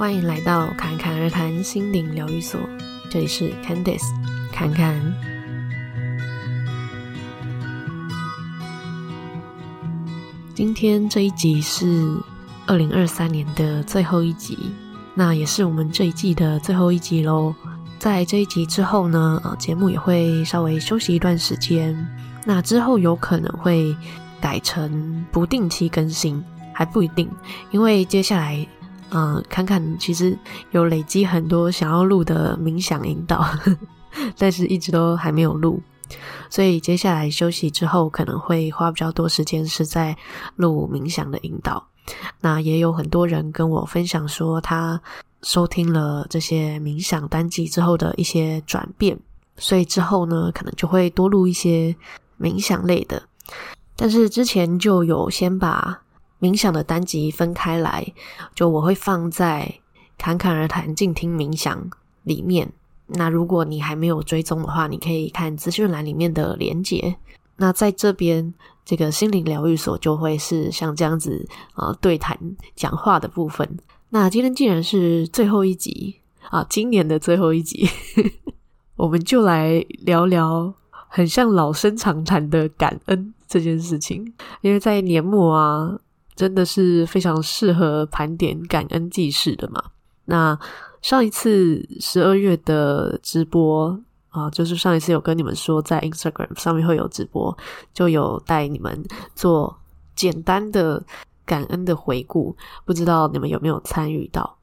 歡迎來到坎坎而談心靈療癒所，這裡是 Candice 坎坎。今天這一集是二零二三年的最後一集，那也是我們這一季的最後一集嘍。在這一集之後呢，呃，節目也會稍微休息一段時間。那之後有可能會改成不定期更新，還不一定，因為接下來。嗯，坎坎其實有累積很多想要錄的冥想引導，呵呵，但是一直都還沒有錄，所以接下來休息之後可能會花比較多時間是在錄冥想的引導。那也有很多人跟我分享說，他收聽了這些冥想單集之後的一些轉變，所以之後呢，可能就會多錄一些冥想類的。但是之前就有先把。冥想的單集分開來，就我會放在侃侃而談、靜聽冥想裡面。那如果你還沒有追蹤的話，你可以看資訊欄裡面的連結。那在這邊，這個心靈療癒所就會是像這樣子啊，對談講話的部分。那今天既然是最後一集啊，今年的最後一集， 我們就來聊聊很像老生常談的感恩這件事情，因為在年末啊。真的是非常適合盤點感恩記事的嘛。那上一次十二月的直播啊，就是上一次有跟你們說在 Instagram 上面會有直播，就有帶你們做簡單的感恩的回顧，不知道你們有沒有參與到？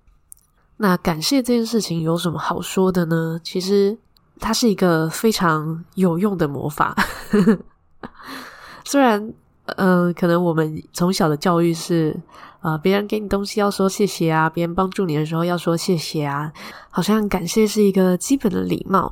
那感謝這件事情有什麼好說的呢？其實它是一個非常有用的魔法， 雖然。嗯、呃，可能我們從小的教育是，啊、呃，別人給你東西要說謝謝啊，別人幫助你的時候要說謝謝啊，好像感謝是一個基本的禮貌。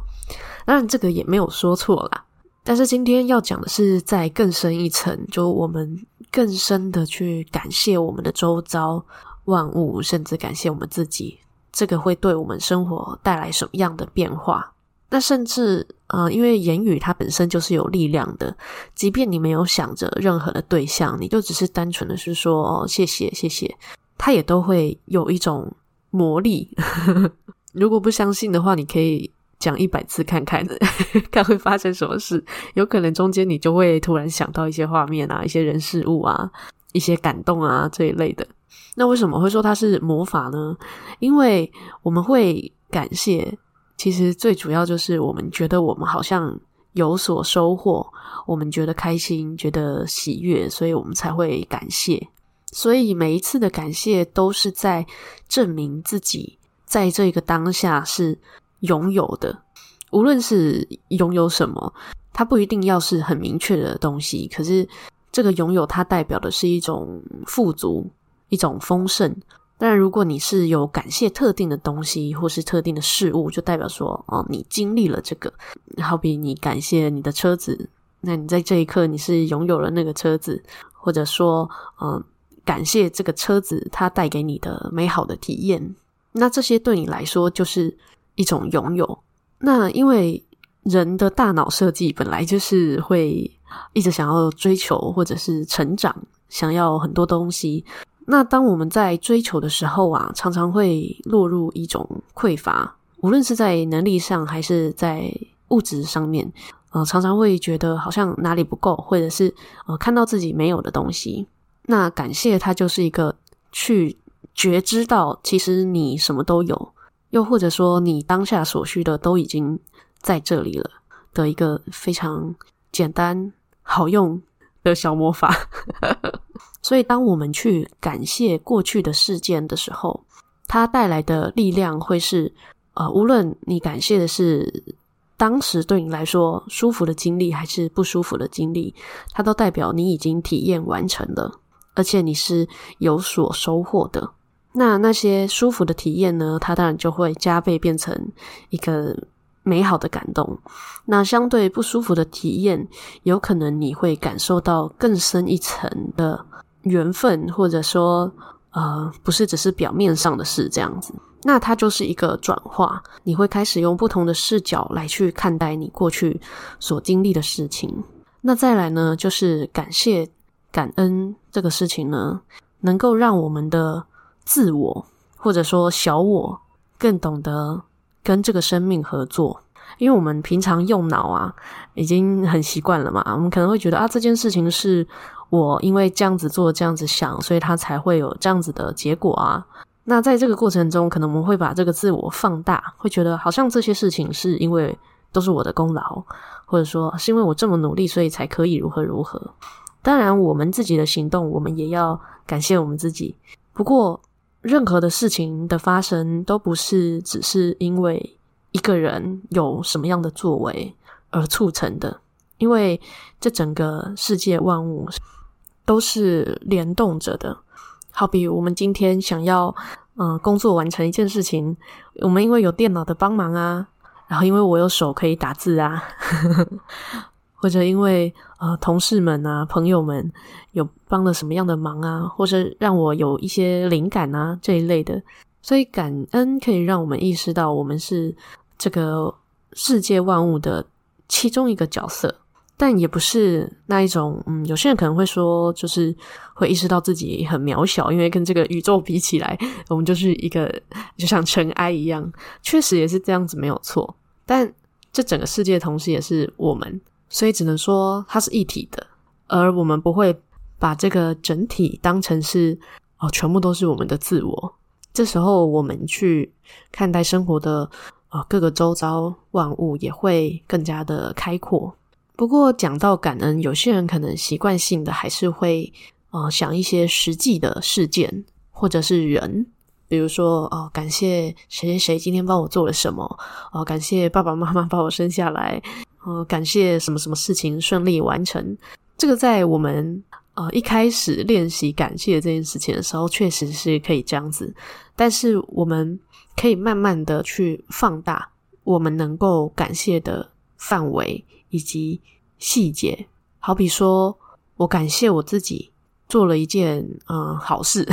當然，這個也沒有說錯啦。但是今天要講的是在更深一層，就我們更深的去感謝我們的周遭萬物，甚至感謝我們自己，這個會對我們生活帶來什麼樣的變化？那甚至啊、呃，因為言語它本身就是有力量的，即便你沒有想着任何的對象，你就只是單純的是說、哦、謝謝謝謝，它也都會有一種魔力。 如果不相信的話，你可以講一百次看看， 看會發生什麼事。有可能中間你就會突然想到一些畫面啊，一些人事物啊，一些感動啊這一類的。那為什麼會說它是魔法呢？因為我們會感謝。其實最主要就是我們覺得我們好像有所收穫，我們覺得開心，覺得喜悅，所以我們才會感謝。所以每一次的感謝都是在證明自己在這個當下是擁有的，無論是擁有什麼，它不一定要是很明確的東西，可是這個擁有它代表的是一種富足，一種豐盛。當然，如果你是有感謝特定的東西或是特定的事物，就代表說，哦、嗯，你經歷了這個。好比你感謝你的車子，那你在這一刻你是擁有了那個車子，或者說，嗯，感謝這個車子它帶給你的美好的體驗。那這些對你來說就是一種擁有。那因為人的大腦設計本來就是會一直想要追求或者是成長，想要很多東西。那當我們在追求的時候啊，常常會落入一種匱乏，無論是在能力上還是在物質上面，呃，常常會覺得好像哪裡不夠，或者是呃看到自己沒有的東西。那感謝它就是一個去覺知到，其實你什麼都有，又或者說你當下所需的都已經在這裡了的一個非常簡單好用的小魔法。 所以，當我們去感謝過去的事件的時候，它帶來的力量會是，呃，無論你感謝的是當時對你來說舒服的經歷，還是不舒服的經歷，它都代表你已經體驗完成了，而且你是有所收穫的。那那些舒服的體驗呢，它當然就會加倍變成一個美好的感動。那相對不舒服的體驗，有可能你會感受到更深一層的。緣分，或者說，呃，不是只是表面上的事，這樣子，那它就是一個轉化。你會開始用不同的視角來去看待你過去所經歷的事情。那再來呢，就是感謝、感恩這個事情呢，能夠讓我們的自我，或者說小我，更懂得跟這個生命合作。因為我們平常用腦啊，已經很習慣了嘛。我們可能會覺得啊，這件事情是我因為這樣子做，這樣子想，所以它才會有這樣子的結果啊。那在這個過程中，可能我們會把這個自我放大，會覺得好像這些事情是因為都是我的功勞，或者說是因為我這麼努力，所以才可以如何如何。當然，我們自己的行動，我們也要感謝我們自己。不過，任何的事情的發生，都不是只是因為。一個人有什麼樣的作為而促成的。因為這整個世界萬物都是聯動着的。好比我們今天想要嗯呃工作完成一件事情，我們因為有電腦的幫忙啊，然後因為我有手可以打字啊，或者因為呃同事們啊朋友們有幫了什麼樣的忙啊，或者讓我有一些靈感啊這一類的，所以感恩可以讓我們意識到我們是這個世界萬物的其中一個角色，但也不是那一種。嗯，有些人可能會說，就是會意識到自己很渺小，因為跟這個宇宙比起來，我們就是一個就像塵埃一樣。確實也是這樣子，沒有錯。但這整個世界同時也是我們，所以只能說它是一體的。而我們不會把這個整體當成是哦，全部都是我們的自我。這時候我們去看待生活的。啊，各個周遭萬物也會更加的開闊。不過講到感恩，有些人可能習慣性的還是會呃想一些實際的事件或者是人，比如說哦、呃、感謝誰誰誰今天幫我做了什麼哦、呃、感謝爸爸媽媽把我生下來呃，感謝什麼什麼事情順利完成。這個在我們呃，一開始練習感謝這件事情的時候，確實是可以這樣子，但是我們。可以慢慢的去放大我們能夠感謝的範圍以及細節，好比說我感謝我自己做了一件呃、嗯、好事，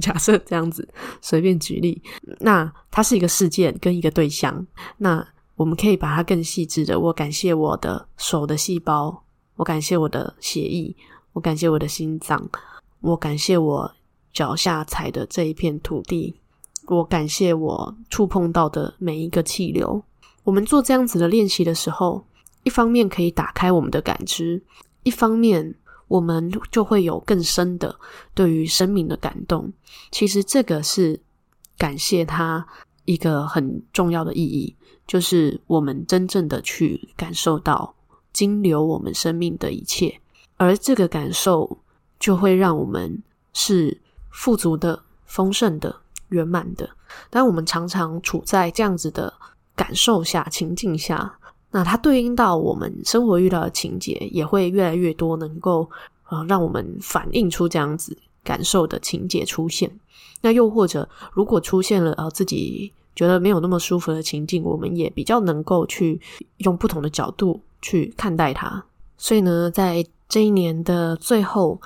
假設這樣子，隨便舉例，那它是一個事件跟一個對象，那我們可以把它更細緻的，我感謝我的手的細胞，我感謝我的血液，我感謝我的心臟，我感謝我腳下踩的這一片土地。我感謝我觸碰到的每一個氣流。我們做這樣子的練習的時候，一方面可以打開我們的感知，一方面我們就會有更深的對於生命的感動。其實這個是感謝他一個很重要的意義，就是我們真正的去感受到經流我們生命的一切，而這個感受就會讓我們是富足的、豐盛的。圓滿的，但我們常常處在這樣子的感受下、情境下，那它對應到我們生活遇到的情節，也會越來越多能夠啊、呃，讓我們反映出這樣子感受的情節出現。那又或者，如果出現了呃自己覺得沒有那麼舒服的情境，我們也比較能夠去用不同的角度去看待它。所以呢，在這一年的最後。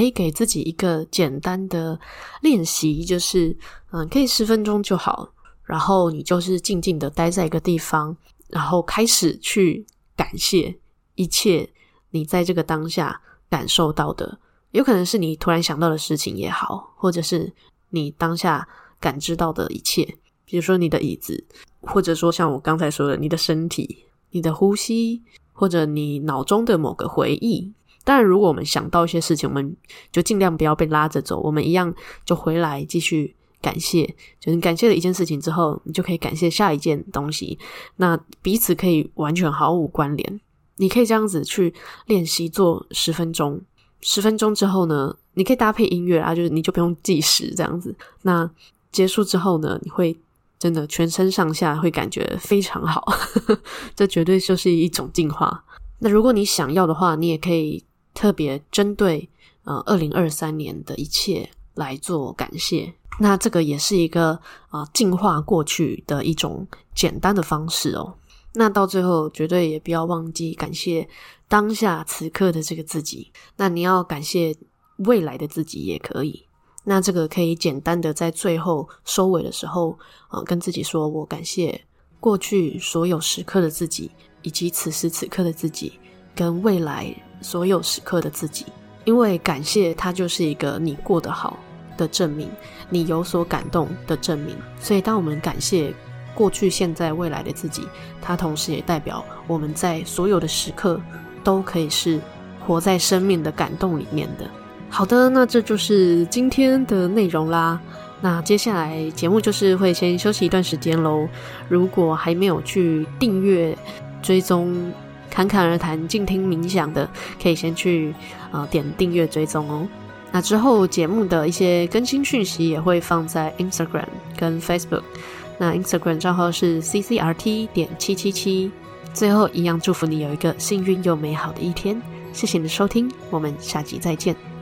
可以給自己一個簡單的練習，就是，嗯，可以十分鐘就好。然後你就是靜靜的待在一個地方，然後開始去感謝一切你在這個當下感受到的。有可能是你突然想到的事情也好，或者是你當下感知到的一切，比如說你的椅子，或者說像我剛才說的，你的身體、你的呼吸，或者你腦中的某個回憶。當然，但如果我們想到一些事情，我們就盡量不要被拉着走，我們一樣就回來繼續感謝。就是感謝了一件事情之後，你就可以感謝下一件東西。那彼此可以完全毫無關聯。你可以這樣子去練習做十分鐘，十分鐘之後呢，你可以搭配音樂啊，就是你就不用計時這樣子。那結束之後呢，你會真的全身上下會感覺非常好， 這絕對就是一種淨化。那如果你想要的話，你也可以。特別針對呃二零二三年的一切來做感謝，那這個也是一個啊淨、呃、化過去的一種簡單的方式哦、喔。那到最後絕對也不要忘記感謝當下此刻的這個自己，那你要感謝未來的自己也可以。那這個可以簡單的在最後收尾的時候啊、呃，跟自己說，我感謝過去所有時刻的自己，以及此時此刻的自己。跟未來所有時刻的自己，因為感謝它就是一個你過得好的證明，你有所感動的證明。所以，當我們感謝過去、現在、未來的自己，它同時也代表我們在所有的時刻都可以是活在生命的感動裡面的。好的，那這就是今天的內容啦。那接下來節目就是會先休息一段時間嘍。如果還沒有去訂閱、追蹤，坎坎而談、靜聽冥想的，可以先去啊、呃、點訂閱追蹤哦。那之後節目的一些更新訊息也會放在 Instagram 跟 Facebook。那 Instagram 賬號是 ccrt 點七七七。最後，一樣祝福你有一個幸運又美好的一天。謝謝你的收聽，我們下集再見。